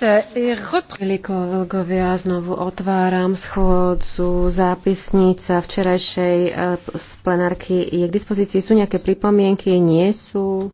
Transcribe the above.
Milí kolegovia, znovu otváram schôdzu zápisnica včerajšej eh, z plenárky. Je k dispozícii sú nejaké pripomienky? Nie sú.